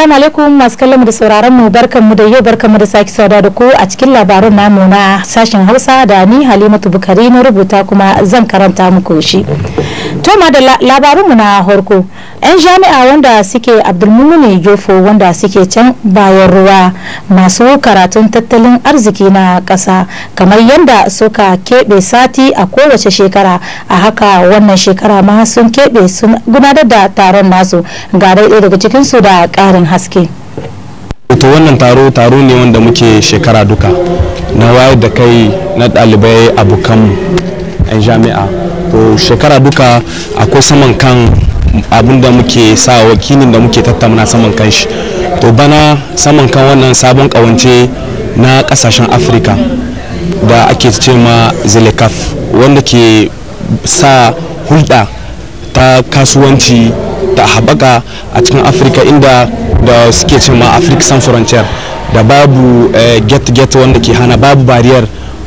Assalamu alaikum masu kallon da sauraron mu barkan mu da yau barkan mu da saki sauda da ku a cikin labarin namu na sashen Hausa da ni Halimatu Bukari na rubuta kuma zan karanta muku shi. to ma da labarinmu na harko 'yan jami'a wanda suke abdulmumini jofo wanda suke can bayan ruwa masu karatun tattalin arziki na ƙasa kamar yadda suka keɓe sati a kowace shekara a haka wannan shekara ma sun keɓe sun gudanar da taron nasu ga ɗaya daga cikinsu da ƙarin haske to wannan taro taro ne wanda muke shekara duka na wayar da kai na ɗalibai abokanmu 'yan jami'a to shekara duka akwai saman kan abin da muke sa wakilin da muke tattauna saman kan shi to bana saman kan wannan sabon kawance na kasashen afirka da ake ce ma zelekaf wanda ke sa hulɗa ta kasuwanci ta habaka a cikin afirka inda da suke ce ma afirka san frontier da babu eh, get-get wanda ke hana babu bariyar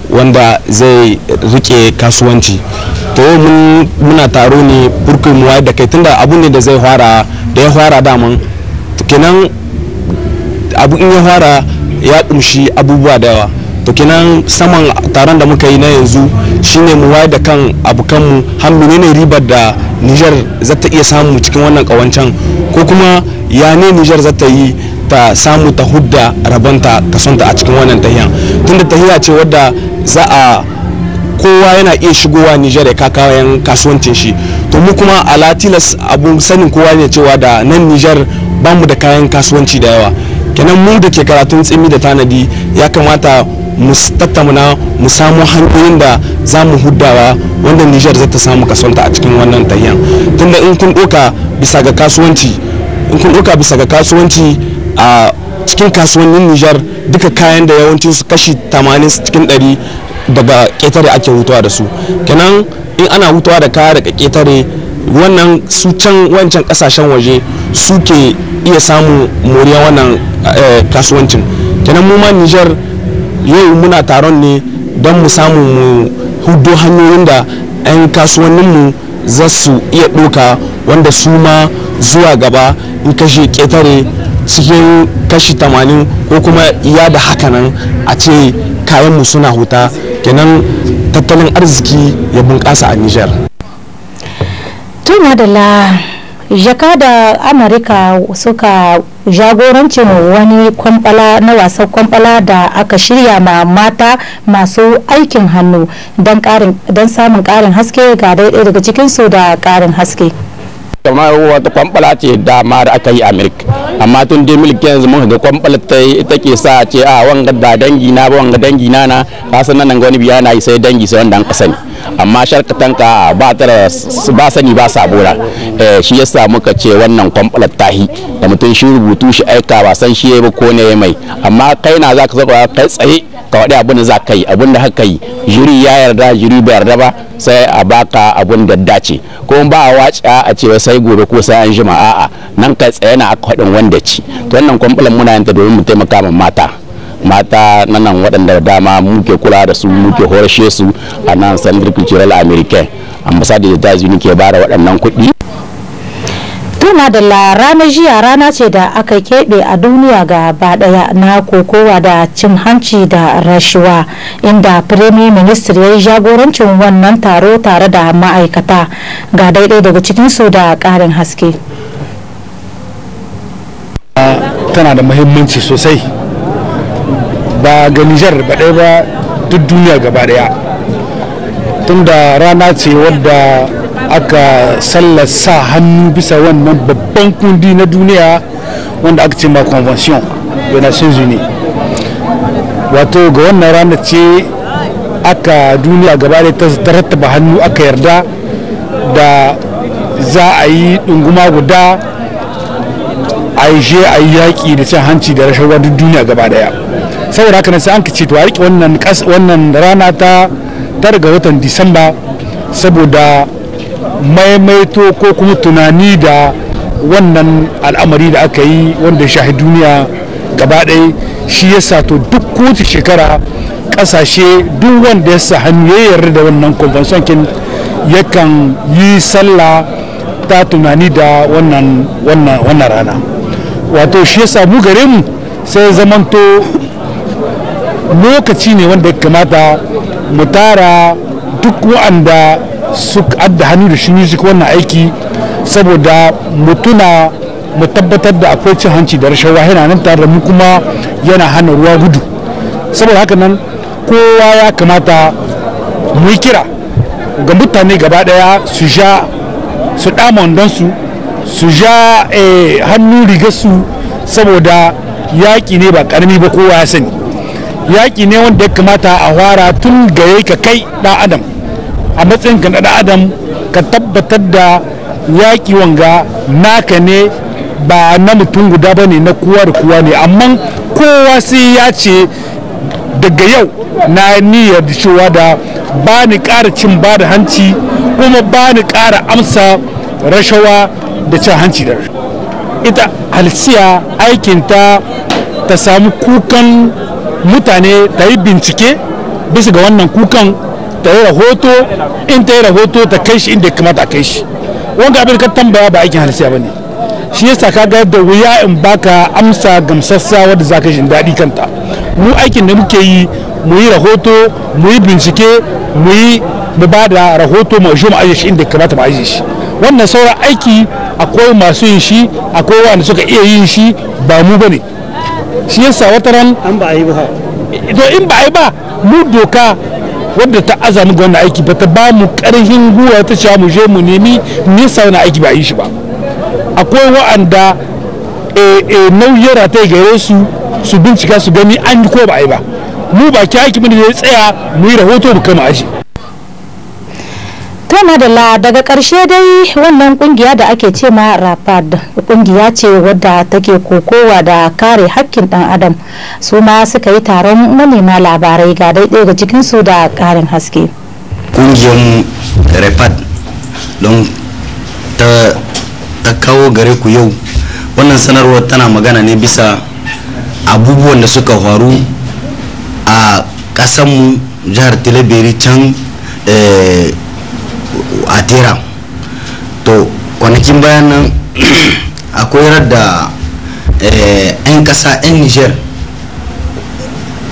wanda zai rike kasuwanci to mun muna taro ne burkin mu da kai tunda abu ne da zai fara da ya fara daman kenan abu in ya fara ya kumshi abubuwa da yawa to kenan saman taron da muka yi na yanzu shine mu wayar da kan abu abokanmu har ne ribar da Niger za ta iya samu cikin wannan kawancan ko kuma ya ne Niger za ta yi ta samu ta hudda rabonta kasonta a cikin wannan tahiyan tunda tahiya ce wadda za a kowa yana iya shigowa Nijar ya kakayan kasuwancin shi to mu kuma a latilas abun sanin kowa ne cewa da nan Nijar bamu da kayan kasuwanci da yawa kenan mu da ke karatun tsimi da tanadi ya kamata mu tattauna mu samu hanyoyin da za mu huddawa wanda Nijar za ta samu kasonta a cikin wannan tayyan tunda in kun doka bisa ga kasuwanci in kun doka bisa ga kasuwanci a cikin kasuwannin Nijar duka kayan da yawancin su kashi 80 cikin daga ƙetare ake hutawa da su kenan in ana hutawa da kaya daga ƙetare wannan su can wancan ƙasashen waje suke iya samun moriya wannan eh, kasuwancin kenan mu ma nijar yau muna taron ne don mu samu mu hudo hanyoyin da 'yan kasuwanninmu za su iya ɗoka wanda su ma zuwa gaba in kashe ƙetare cikin kashi 80 ko kuma iya da hakanan a ce kayanmu suna huta kenan tattalin arziki ya bunƙasa a niger To da jaka da amurka suka jagoranci wani kwamfala na wasan kwamfala da aka shirya ma mata masu aikin hannu don samun ƙarin haske ga daidai daga cikinsu da karin haske wata kwamfala ce dama da aka yi amma tun dai yanzu mun ga kwamfala ta ita ke sa ce a ah, wanga da dangi na ba wanga dangi na na ba san nan ga wani biya na yi sai dangi sai wanda an ka sani amma sharkatanka ah, ba ta ba sani ba sabora eh, shi yasa muka ce wannan kwamfala hi da mutum shi rubutu shi aika ba san shi ba ko ne mai amma kai na zaka zaka kai tsaye ka waɗi abin da za ka yi abin da haka yi jiri ya yarda jiri bai yarda ba sai a baka abin da dace ko ba a wace a ce sai gobe ko sai an jima a'a nan kai tsaye na aka haɗin wanda ci to wannan kwamfulan muna yin ta domin mu taimaka ma mata mata na nan waɗanda dama muke kula da su muke horashe su a nan sandar cultural american ambassador da tazi ke bara waɗannan kuɗi tuna da la ranar jiya rana ce da aka keɓe a duniya ga ɗaya na kokowa da cin hanci da rashuwa inda firimi ministry ya yi jagorancin wannan taro tare da ma'aikata ga daidai daga cikinsu da karin haske ah, tana da muhimmanci sosai ba ga nijar ba ɗaya ba duk duniya gaba tun tunda rana ce wadda aka sallasa hannu bisa wannan babban kundi na duniya wanda aka ce ma convention da nations unies wato ga wannan rana ce aka duniya gaba da ta rattaba hannu aka yarda da za a yi ɗunguma guda a yi je a yi yaƙi da cin hanci da rashin duk duniya gaba daya saboda haka sai an ka ce to a rike wannan rana ta tara ga watan disamba saboda maimaito ko kuma tunani da wannan al'amari da aka yi wanda ya duniya gaba ɗaya shi ya sato duk kotu shekara ƙasashe duk wanda ya sa hannu ya yarda da wannan convention kin yakan yi sallah ta tunani da wannan wannan rana wato shi ya samu gare mu sai zamanto lokaci ne wanda ya kamata mu tara duk wa'anda su adda hannu da shi su wannan aiki saboda mutuna mu tabbatar da akwai cin hanci da rashawa yana nan tare da mu kuma yana hana ruwa gudu saboda haka nan kowa ya kamata mu yi kira ga mutane gaba daya su sha su dama wandonsu su sha eh, hannu rigarsu saboda yaƙi ne ba karami ba kowa ya sani yaƙi ne wanda ya kamata a hwara tun gare ka kai ɗan adam a matsayin ka na adam ka tabbatar da yaƙi wanga naka ne ba na mutum guda ba ne na kowa da kowa ne amma kowa sai ya ce daga yau na niyyar da cewa da ba ni ƙara cin ba da hanci kuma ba ni ƙara amsa rashawa da cin hanci da ita halsiya aikinta ta samu kukan mutane ta yi bincike bisa ga wannan kukan ta yi rahoto in ta yi rahoto ta kai shi inda kamata a kai shi wanda abin ka tambaya ba aikin halisiya ba ne shi yasa ka ga da wuya in baka amsa gamsassa wadda za ka shi daɗi kanta mu aikin da muke yi mu yi rahoto mu yi bincike mu yi mu ba da rahoto mu ajiye mu ajiye shi inda kamata mu ajiye shi wannan sauran aiki akwai masu yin shi akwai wanda suka iya yin shi ba mu bane shi yasa wata ran an ba a ba to in ba a yi ba mu doka wadda ta azamu ga aiki ba ta ba mu karhin gwiwa ta cewa mu je mu nemi nisa wani aiki ba a yi shi ba akwai wa'anda ta eh, eh, yi gare su su bincika su gani an ko ba a yi ba mu ba ki aiki mun da ya tsaya mu yi rahoto mu kama aji to madalla daga karshe dai wannan kungiya da ake ce ma rapad kungiya ce wadda take kokowa da kare hakkin ɗan adam su ma suka yi taron manema labarai ga daidai ga su da karin haske kungiyar rapad don ta kawo gare ku yau wannan sanarwar tana magana ne bisa abubuwan da suka faru a kasanmu jihar tilaberi can eh, a tera to kwanakin bayan nan akwai da eh, 'yan kasa 'yan niger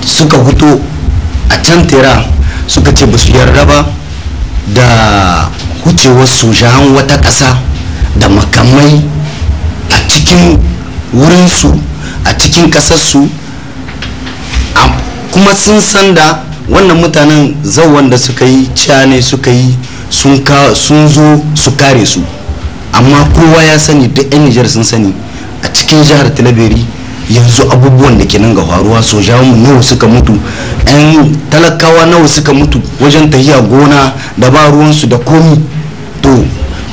suka huto a can tera suka ce ba su yarda ba da hucewar sojan wata ƙasa da makamai a cikin wurinsu a cikin su kuma sun sanda wannan mutanen zauwan da suka yi ciya ne suka yi sun zo su kare su amma kowa ya sani da 'yan nijar sun sani a cikin jihar talabiri yanzu abubuwan da ke nan ga faruwa mu nawa suka mutu 'yan talakawa nawa suka mutu wajen tahiya gona da ba ruwansu da komi to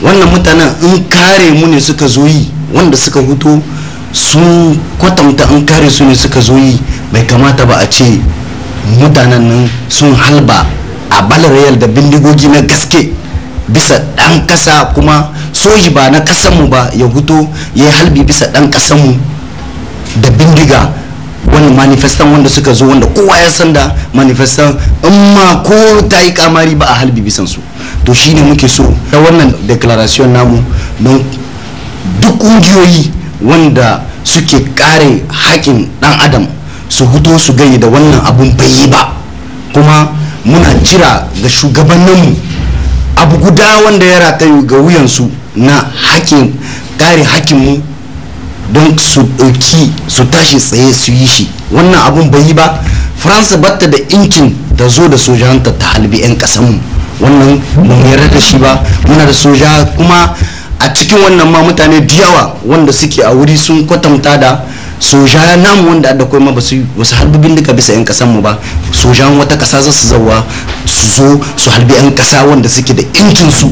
wannan mutanen in kare mu ne suka zo yi wanda suka huto sun kwatanta in kare su ne suka zo yi bai kamata ba a ce mutanen nan sun halba a balarayal da bindigogi na gaske bisa ɗan ƙasa kuma soji ba na ƙasanmu ba ya huto ya yi halbi bisa ɗan ƙasanmu da bindiga wani manifestan wanda suka zo wanda kowa ya san da manifestan in ma ko ta yi kamari ba a halbi bisan su to shine muke so ta wannan declaration namu don duk ƙungiyoyi wanda suke kare haƙin ɗan adam su huto su gani da wannan abun bai yi ba kuma muna jira ga shugabanninmu abu guda wanda ya rata ga wuyansu na hakin kare hakinmu don su ɗauki su tashi tsaye su yi shi wannan abun bai yi ba faransa batta da inkin da zo da sojanta ta halbi 'yan ƙasanmu wannan ba mu yarda da shi ba muna da soja kuma a cikin wannan ma mutane da wanda suke a wuri sun kwatanta da soja namu wanda da kuma ba basu wasu harbibin duka bisa yan kasan mu ba sojan wata kasa za su wa su zo su halbi yan kasa wanda suke da incin su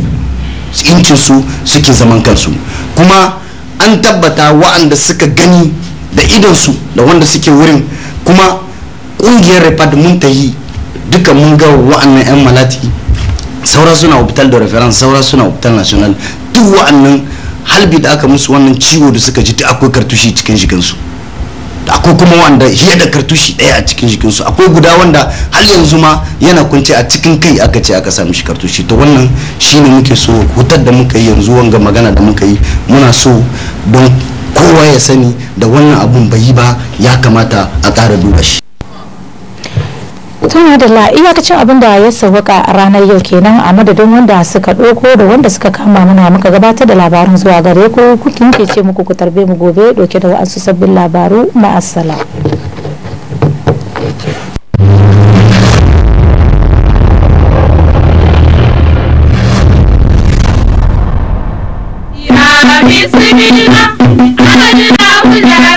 incin su suke zaman kansu kuma an tabbata wa'anda suka gani da idan su da wanda suke wurin kuma kungiyar repad mun ta yi duka mun ga wa'annan yan malati saura suna hospital da reference saura suna hospital national duk wa'annan halbi da aka musu wannan ciwo da suka ji duk akwai kartushi cikin jikinsu akwai kuma wanda fiye da kartushi daya a cikin su akwai guda wanda har yanzu ma yana kunce a cikin kai aka ce aka samu shi kartushi to wannan shine muke so hutar da muka yi yanzu wanga magana da muka yi muna so don kowa ya sani da wannan abun bai yi ba ya kamata a ƙara duba shi tana da la iyakacin abin da ya sauka a ranar yau kenan a madadin wanda suka ɗauko da wanda suka kama mana muka gabatar da labarin zuwa gare ku kukin ke ce muku ku tarbe mu gobe ɗauke da wa'ansu sabbin labaru ma'asala. Yeah,